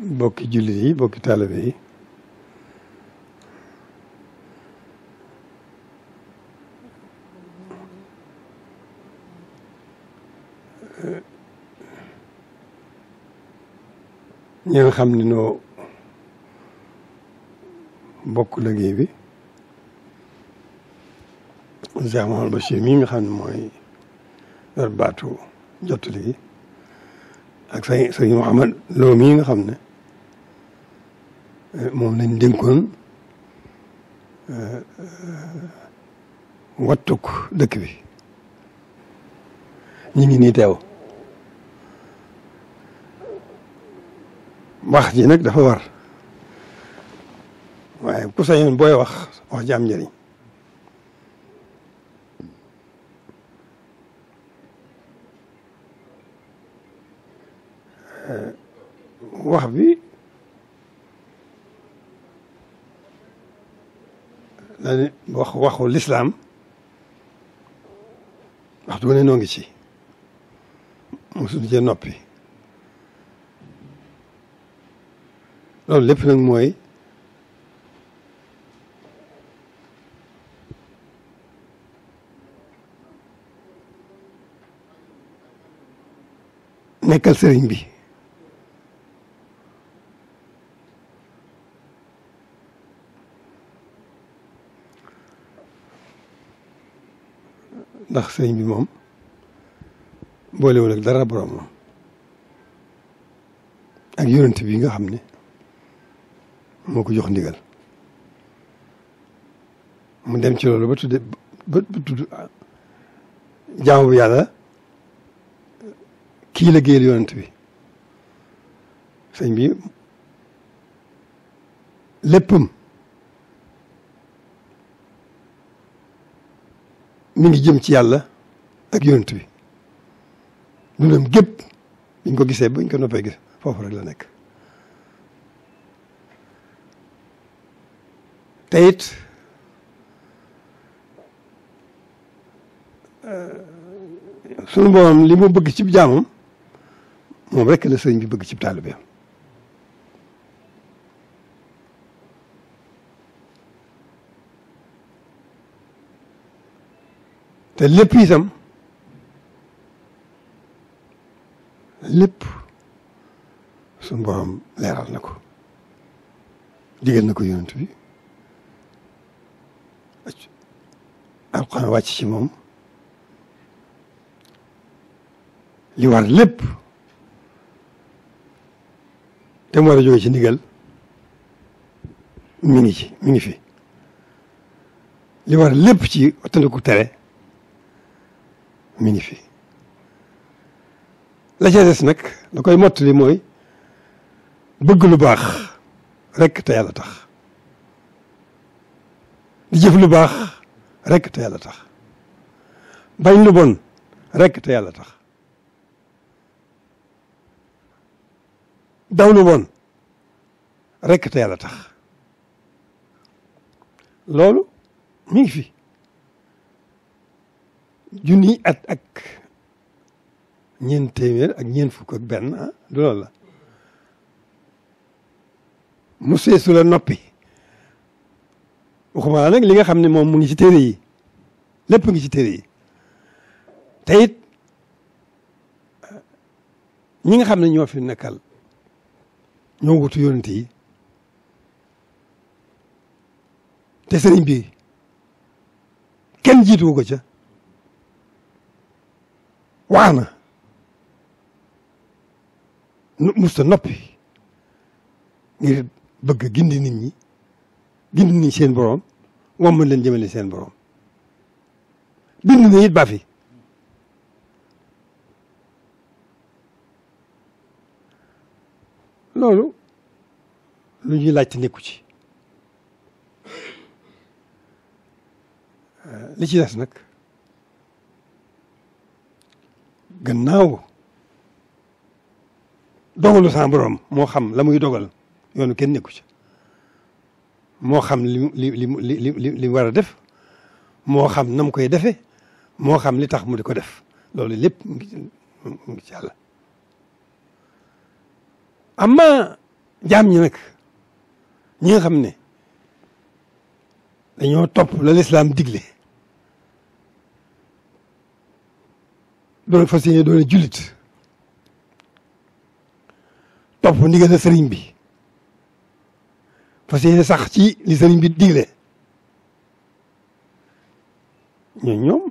bokki jullit yi bokki taalibe yi ñi nga xam ne noo bokk liggéey bi Cheikh Mouhamadou Bachir mii mooy yor baatu jottali gi ak sëñ sëñ Mouhamad loo mii nga xam ne moom lañ dénkoon wattuk dëkk bi ñu ngi nii teew wax ji nag dafa war waaye ku sañoon booy wax wax ji am wax bi wax waxu lislaam waxtu wu ne noo ngi ci mosuñu cee noppi loolu lépp nag mooy nekkal sëriñ bi ndax sëriñ bi moom boolewul ak dara boroomam ak yonent bi nga xam ni moo ko jox ndigal mu dem ci loolu ba tudde ba tudd jaamu bu yàlla kii la bi sëñ bi léppam mi ngi jëm ci yàlla ak yonent bi dundam gépp biñ ko gisee bañ ko noppee gis foofu rek la nekk te it eh, sunu boroom li mu bëgg ci jaamam moom rek la sëriñ bi bëgg ci taalibeem te lépp itam lépp suñu borom leeral na ko digal na ko yonent bi alxuraan wàcc ci moom li war lépp te mu war ci ndigal mi ngi ci mi ngi fi li war lépp ci wattandiku tere mi ngi fi la ca nag la koy mottali mooy bëgg lu baax rekk te yàlla tax di jëf lu baax rekk te yàlla tax bañ lu bon rekk te yàlla tax daw lu bon rekk te yàlla tax loolu mi ngi fi junniy at ak ñeent téeméer ak ñeent fukk ak benn ah du loolu la mu seesu la noppi waxuma la nag li nga xam ne moom mu ngi ci téere yi lépp ngi ci téere yi te it ñi nga xam ne ñoo fi nekkal ñoo wutu yonent yi te sëriñ bi kenn jiitu ko ca wax na musta noppi ngir bëgg gindi nit ñi gindi nit seen boroom moom mën leen jëmale seen boroom bind na it ba loolu lu ñuy laajte nekku ci li ci des nag gannaaw dogalu sama borom moo xam la muy dogal yoonu kenn nekku ci moo xam li li li li li li war a def moo xam nam koy defe moo xam li tax mu di ko def loolu lépp mu ngi ci yàlla amma jaam ñi nag ñi nga xam ne dañoo topp la lislaam digle doon fas yéene doone jullit topp ndigal la sëriñ bi fas yéene sax ci li sëriñ bi digle ñun ñoom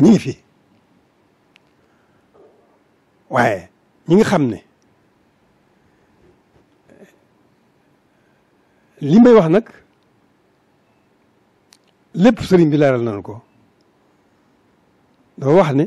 ngi fi waaye ñi nga xam ne li may wax nag lépp sëriñ bi leeral nañu ko dafa wax ne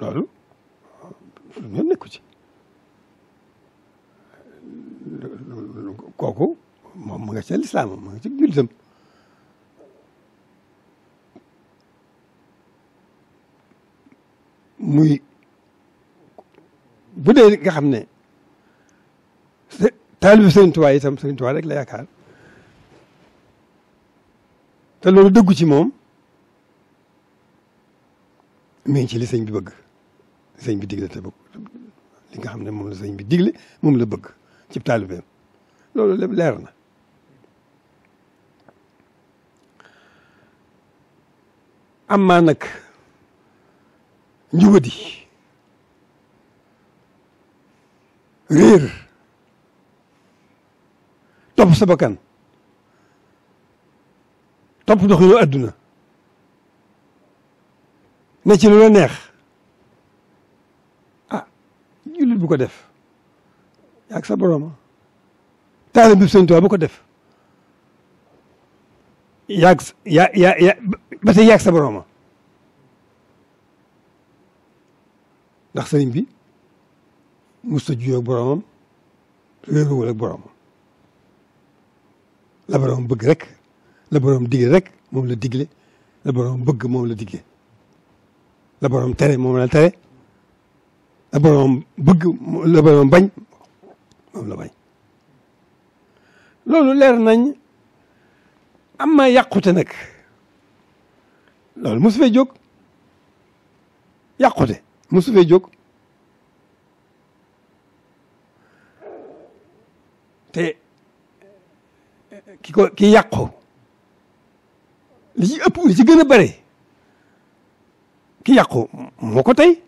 loolu ñun nekku ci kooku moom mu nga ca lislaam mu nga ci jullitam muy bu dee nga xam ne taalibu Sëriñ Tuubaa itam Sëriñ Tuubaa rek la yakaar te loolu dëggu ci moom mi ngi ci li sëñ bi bëgg sëñ bi digle te bëgg li nga xam ne moom la sëñ bi digle moom la bëgg ci taalibeem loolu lépp leer na amaa nag njubadi réer topp sa bakkan topp doxinu àdduna ne ci lu la neex jullit bu ko def ak sa borom taalib bi sëñ Tuubaa bu ko def yaag ya ya ya ba tey yaag sa borom ndax sëriñ bi mosut a juyoo ak boromam réeruwul ak boromam la borom bëgg rek la borom digle rek moom la digle la borom bëgg moom la digle la borom tere moom la tere. la boroom bëgg la boroom bañ bañ loolu leer nañ amma ma yàqute nag lool mosu fee jóg yàqute mosu fee jóg te ki ko ki yàqu li ci ëpp li ci gën a bare ki yàqu moo ko tey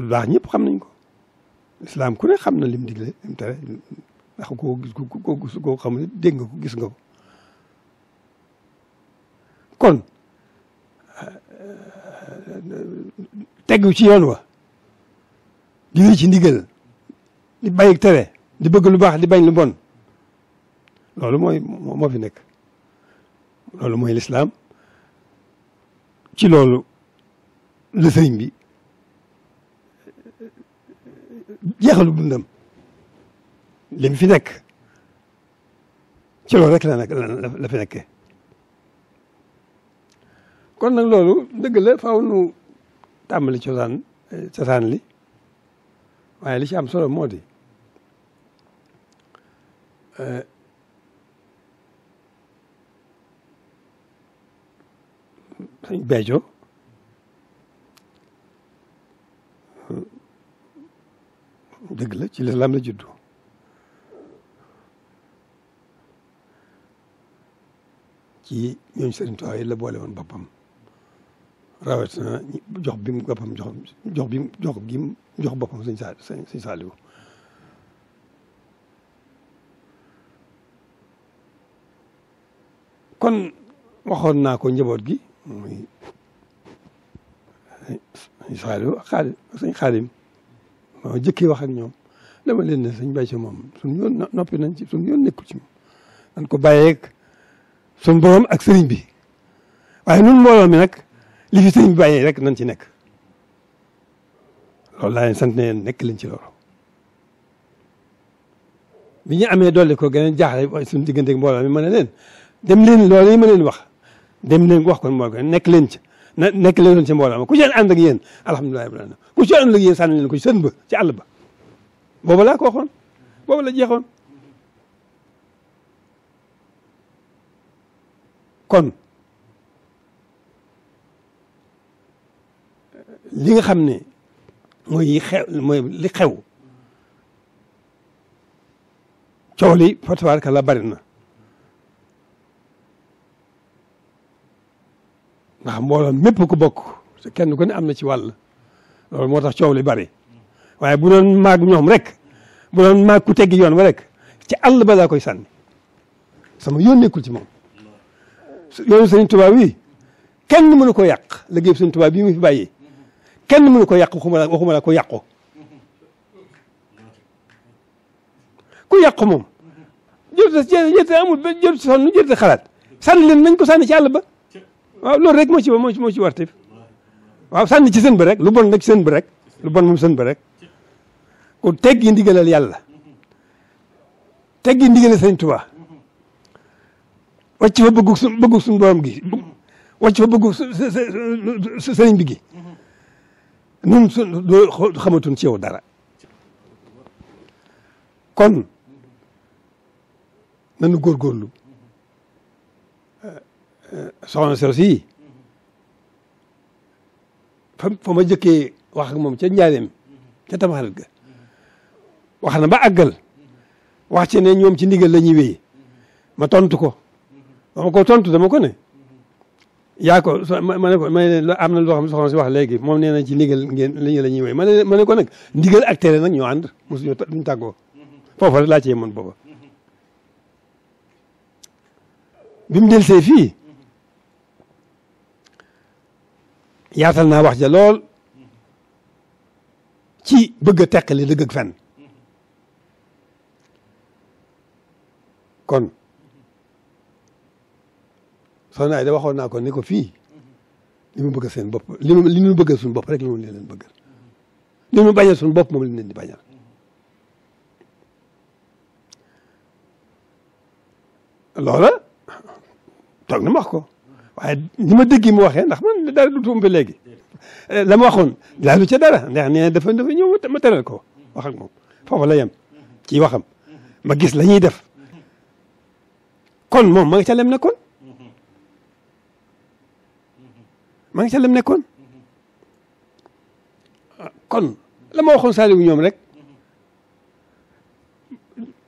lu baax ñëpp xam nañ ko islam ku xam na lim digle lim tere ndax koo gis ko xam ne dégg ko gis nga ko kon tegu ci yoon wa di ci ndigal di bàyyi tere di bëgg lu baax di bañ lu bon loolu mooy moo fi nekk loolu mooy lislaam ci loolu la sëriñ bi jeexalu bundam li mu fi nekk ci loolu rek la nekk la fi nekkee kon nag loolu dëgg la faaw nu tàmbali cosaan cosaan li waaye li ci am solo moo di sëñ Béthio dëgg la ci lislaam la juddu ki ñooñu Sëriñ Tuubaa yi la boole woon boppam rawatina jox bi mu boppam jox jox bi mu jox gi mu jox boppam sëñ saa sëñ Saaliwu kon waxoon naa ko njaboot gi muy sëñ Saaliwu waaw jëkkee wax ak ñoom dama leen ne sëñ ci moom suñu noppi nañ ci suñu yoon nekkul ci moom dañ ko bàyyeeg suñu borom ak sëriñ bi waaye nun mbooloo mi nag li fi sëriñ bi bàyyee rek nañ ci nekk loolu laa leen sant ne nekk ci loolu bi ñu amee dolli ko gën a jaaxle suñu diggante ak mi ma ne leen dem leen loolu ma leen wax dem leen wax kon moo ko nekk leen ci na nekk leen ci mbooloo ma ku ci ànd ak yéen alhamdulilah rabbil ku ci ànd ak yéen sànni leen ko ci sën ba ci àll ba kon li nga xam ne mooy xew mooy li xew coow li fa la bari na ndax mbooloo mépp ko bokk kenn ku ne am na ci wàll loolu moo tax coow li bari waaye bu doon maag ñoom rek bu doon ku teggi yoon ba rek ci àll ba laa koy sànni sama yoon nekkul ci moom yoonu sëñ Tuubaa wi kenn mënu ko yàq liggéey sëñ Tuubaa bii mu fi bàyyi kenn mënu ko yàq waxuma la waxuma la ko yàqu ku yàqu moom jërte jërte amul jërte sonn jërte xalaat sànni leen nañ ko sànni ci àll ba waaw loolu rek moo ci moo ci moo ci war ci seen bi lu bon nag ci seen bi lu bon moom seen bi rek ku teggi ndigalal yàlla teggi ndigalal sëñ Tuubaa wàcc fa bëggu su bëggu suñu borom gi wàcc fa bëggu sëriñ bi gi nun su xamatun ci yow dara kon nanu góorgóorlu soxna Socé fa fa ma jëkkee wax ak moom ca Njaareem ca Tamxarit ga wax na ba àggal wax ce ne ñoom ci ndigal la ñuy wéy ma tontu ko ba ma ko tontu dama ko ne. yaa ko ma ne ko ma am na loo xam soxna si wax léegi moom nee na ci ndigal ngeen li la ñuy ma ne ma ne ko nag ndigal ak tere nag ñoo ànd mosuñu duñ tàggoo laa cee mën booba. bi mu dellusee fii. yaatal naa wax ja lool ci bëgg a teqali dëgg ak fen kon soxna Ayda waxoon naa ko ni ko fii li mu bëgg seen bopp li mu li ñu bopp rek li mu leen bëggal li mu bañal suñu bopp moom lañ leen di bañal loola toog na wax ko waaye ni ma dégg mu waxee ndax man dara du tuum ba léegi la ma waxoon daal du ca dara ndax nee na dafa dafa ñëw ma teral ko wax ak moom la yem ci waxam ma gis la ñuy def kon moom ma nga ca lem nekkoon ma nga ca lem nekkoon kon la ma waxoon saaliwu ñoom rek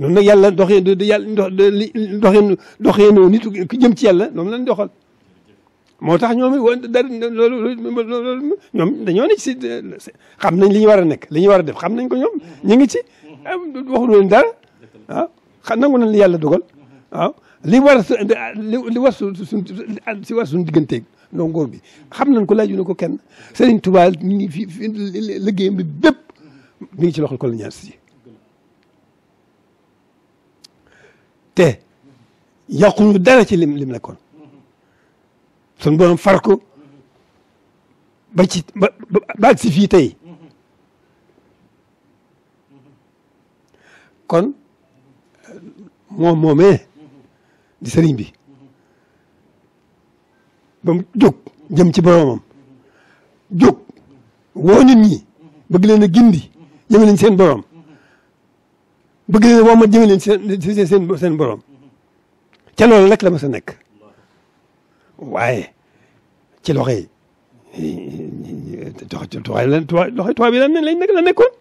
noonu nag yàlla doxee yàlla dox doxee doxee noo nit ku jëm ci yàlla noonu lañ doxal moo tax ñoom it dara loolu loolu ñoom dañoo si xam nañ li ñu war a nekk li ñu war a def xam nañ ko ñoom ñu ngi ci waxuñu leen dara waaw ah xam nangu nañ li yàlla dogal ah li war li war su suñ si war suñu digganteeg ndongoor bi xam nañ ko laaju na ko kenn Serigne Touba mi ngi fi liggéeyam bi bépp mi ngi ci loxol ko la ñaar te yàquñu dara ci lim lim nekkoon suñ borom far ko ba ci ba ba kon moom moomee di sëriñ bi ba mu jóg jëm ci boromam woo nit ñi bëgg leen a gindi jëme nañ seen borom بغي وما ديمل سين سين سين بروم تي لول نك لا ما نك واي تي لوغي توي توي توي توي بلا لا نك لا نكون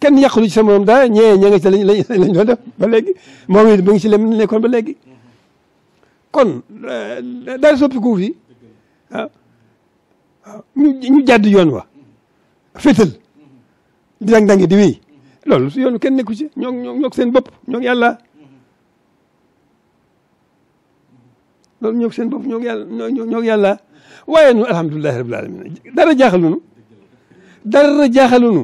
كان ياخذ سي موم دا ني نيغي سي لا لا دا بلغي مومي بيغي سي لا نكون بلغي كون دا سوبي كوفي ها ني جاد يون وا فتل di dang-dangi di loolu su yoonu kenn nekku ci ñoo ñoo seen bopp ñoo yàlla loolu ñoo seen bopp ñoo yàlla ñoo yàlla waaye ñun alhamdulilahi rabil alamin dara jaaxalunu dara jaaxalunu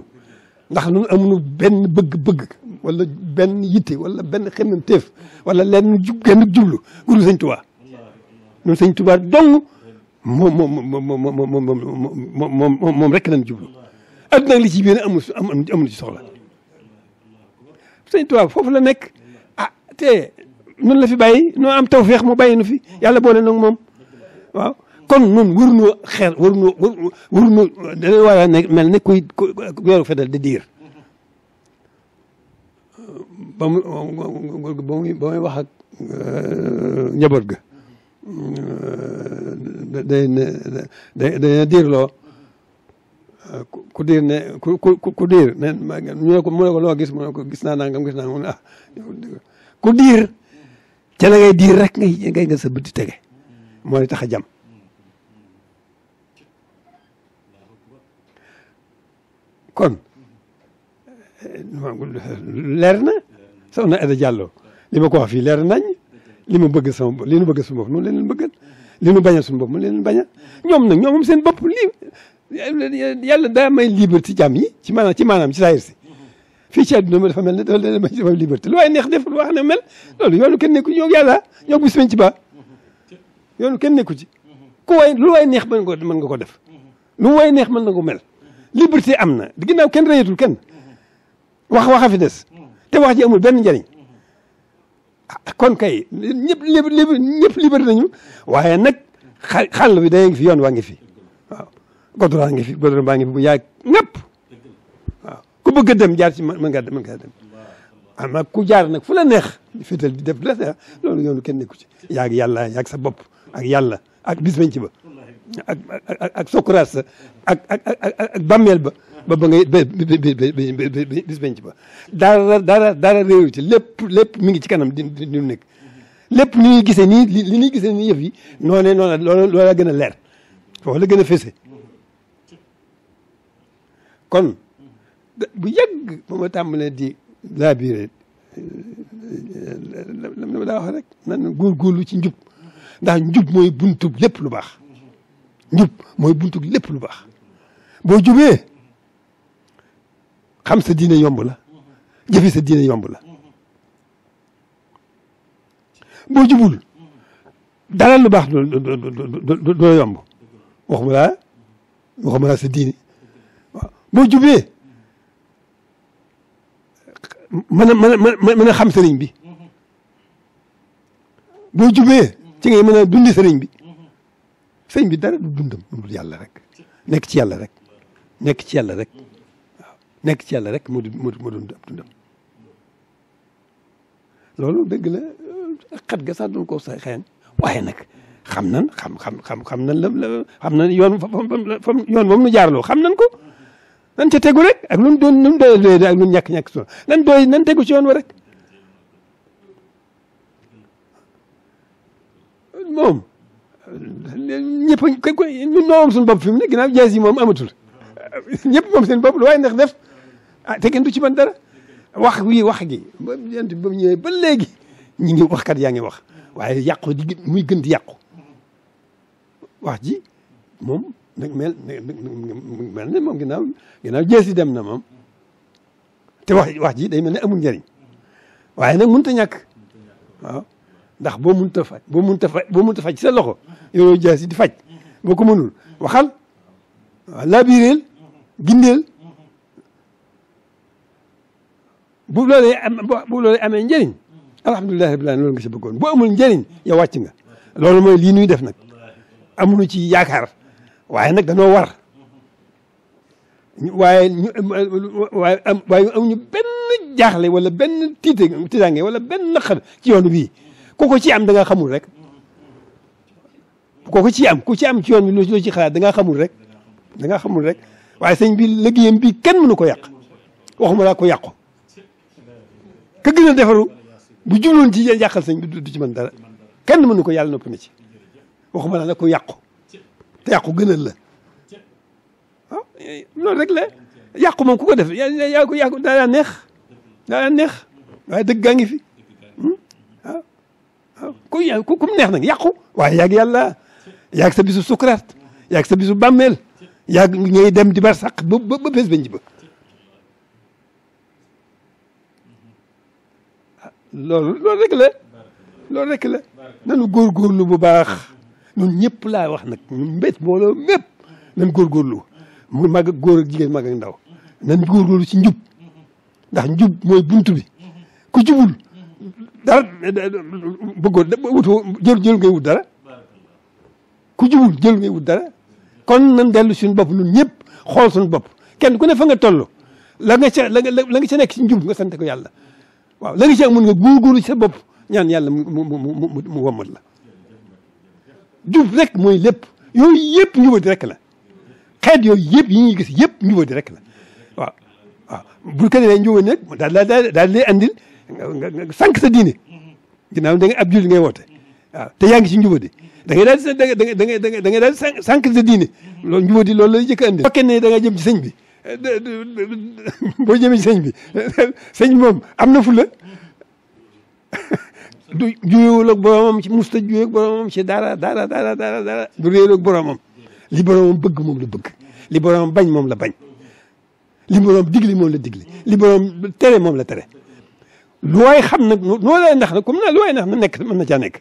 ndax ñun amuñu benn bëgg-bëgg wala benn yitte wala benn xemmem teef wala lenn genn jublu guru sëñ tubaa ñun sëñ tubaa dong moom moom moom moom moom moom moom moom rek lañ jublu ak nag li ci biir amul am ci soxla sëñ Tuubaa foofu la nekk ah te nun la fi bàyyi noo am tawféex mu bàyyi nu fi yàlla boole nag moom waaw kon nun waruñoo xeer waruñoo waruñoo dana war a nekk mel ne kuy weeru di diir ba mu ba muy ba muy wax ak njaboot ga day day ku diir ku ku mu ne ko gis na ne ko gis naa nangam gis naa mu ah, ku diir ca la diir rek nga sa bët tege moo tax a jam kon leer na soxna Aida Diallo li ma ko wax fii leer nañ li ma bëgg sama li nu bëgg suñu bopp noonu leen bëggal li nu bañal suñu bopp mu leen bañal ñoom nag ñoom seen bopp يالله دائما ليبرتي جامي كي مانا كي مانا مش سايرسي في شاد نمر فمل دول ما يجيبوا ليبرتي لو اني خدف لو احنا مل لو يقولوا كن نكو يوغ يالا يوغ بسمي تبا يقولوا كن نكو جي كو وين لو اني خ من من نكو دف لو وين نخ من نكو مل ليبرتي امنا غيناو كن ريتول كن واخ واخ في دس تي واخ جي امول goudron ngi fi goudron baa ngi fi bu yaay ñëpp waaw ku bëgg dem jaar ci mën ngaa mën ngaa dem ama ku jaar nag fu la neex féetal di def la ah, neex loolu yoonu kenn nekku ci yaag yàlla yaag sa bopp ak yàlla ak bis bañ ci ba ak ak ak sokuraas sa ak ak ak ak bàmmeel ba ba ba ngay ci ba dara dara dara réew ci lépp lépp mi ngi ci kanam din di nekk lépp ni ñuy gisee nii li ñuy gisee nii yëf yi noo ne noonu loola gën a leer foofu la gën a fese kon bu yàgg ba ma tàmbalee di laabiré euh, lam ma daa wax rek nan góorgóorlu ci njub ndax njub mooy buntub lépp lu baax njub mooy buntub lépp lu baax boo jubee xam sa diine yomb la jëfe sa boo jubul dara lu baax du du du du yomb waxuma laa laa sa boo jubee mën a mën a mën a xam sëriñ bi boo jubee ci ngay mën a dundi sëriñ bi sëriñ bi dara du dundam dul yàlla rek nekk ci yàlla rek nekk ci yàlla rek waaw nekk ci yàlla rek moo di moo moo doon dundam loolu dëgg la xat ga sax doon ko sa xeen waaye nag xam nan xam xam xam nan la xam nan yoon fa yoon ba nu jaarloo xam nan ko nan ca tegu rek ak nun doon nun doyal doyal ak nun ñàkk-ñàkk sunu nan doy nan tegu ci yoon wa rek moom ñëpp a ko ñun noo moom suñu bopp fi mu ne ginnaaw yi moom amatul ñëpp moom seen bopp lu waaye ndax def ah te du ci man dara wax wi wax gi ba yent ba ñëwee léegi ñi ngi waxkat yaa ngi wax waaye yàqu di mu gën di yàqu wax ji moom nag mel mel ne moom ginnaaw ginnaaw jees yi dem na moom te wax ji day mel ne amul njëriñ waaye nag mënut ñàkk ndax boo mënut a faj boo mënut a faj boo mënut loxo yoroo jees yi di faj boo ko mënul waxal waaw laabireel gindeel bu loolee am bu loolee amee njëriñ alhamdulilah rabbil aalamiin loolu nga si bëggoon boo amul njëriñ yow wàcc nga loolu mooy lii nuy def nag amuñu ci yaakaar waaye nag dañoo war waaye ñu waaye am waaye amuñu benn jaaxle wala benn tiite tiitaange wala benn naqar ci yoon bii ku ko ci am da nga xamul rek ku ko ci am ku ci am ci yoon bi loo ci xalaat da nga xamul rek da nga xamul rek waaye sëñ bi liggéeyam bi kenn mënu ko yàq waxuma laa ko yàqu ka gën a defaru bu jubloon ci yàqal sëñ bi du ci mën dara kenn mënu ko yàlla noppi na ci waxuma laa nag ko yàqu te yàqu gënal la ah loolu rek la yàqu moom ku ko def yaa ko yàqu daa neex daa neex waaye dëgg gaa ngi fi hmm? ah ah ku yà ku mu neex nag yàqu waaye yàgg yàlla yàgg sa bisu sukuraat yàgg sa bisu bàmmeel yàgg ngay dem di bar sàq ba ba ba bés ba njiba ah, loolu loolu rek la loolu rek la nanu bu baax ñun ñëpp laa wax nag ñun mbét mbooloo mépp nañ lu mu mag ak góor ak jigéen mag ak ndaw nañ góorgóorlu ci njub ndax njub mooy buntu bi ku jubul dara bëggoo wutoo jël jël ngay wut dara ku jubul jël ngay wut dara kon nañ dellu suñu bopp ñun ñëpp xool suñu bopp kenn ku ne fa nga toll la nga ca la nga ca nekk ci njub nga sante ko yàlla waaw la nga ca amoon nga góorgóorlu ci sa bopp ñaan yàlla mu mu mu mu mu wammat la jub rek mooy lépp yooyu yëpp di rek la xeet yooyu yëpp yi ñuy gis yëpp njubadi rek la waaw waaw bu ko defee njubadi nag daal la daal lay andil nga sànq sa diine ginnaaw da nga ab jullit ngay woote waaw te yaa ngi ci njubadi da ngay daal di da ngay da ngay da ngay da ngay daal di sànq sa diine loolu njubadi loolu lay jëkk andil fekkee ne da nga jëm ci sëñ bi boo moom am na fu du juyewul ak ci musta juyee ak boromam ci dara dara dara dara dara du li boromam bëgg moom la bëgg li boromam bañ moom la bañ li borom digli moom la digli li borom tere moom la tere looy xam nag noo lay ndax nag comme na looy ndax na nekk mën na caa nekk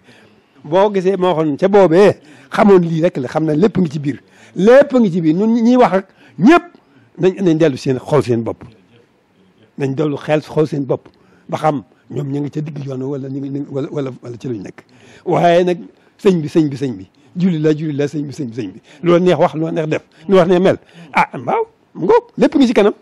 boo gisee moo waxoon ca boobee xamoon lii rek la xam na lépp ngi ci biir lépp ngi ci biir ñun ñuy wax ak ñëpp nañ nañ dellu seen xool seen bopp nañ dellu xel xool seen bopp ba xam ñoom ñu ngi ca digg yoon wala ñu ngi wala wala wala ci luñ nekk waaye nag sëñ bi sëñ bi sëñ bi julli la julli la sëñ bi sëñ bi sëñ bi loo neex wax loo neex def lu wax ne mel ah mbaaw mu ngoog lépp ngi ci kanam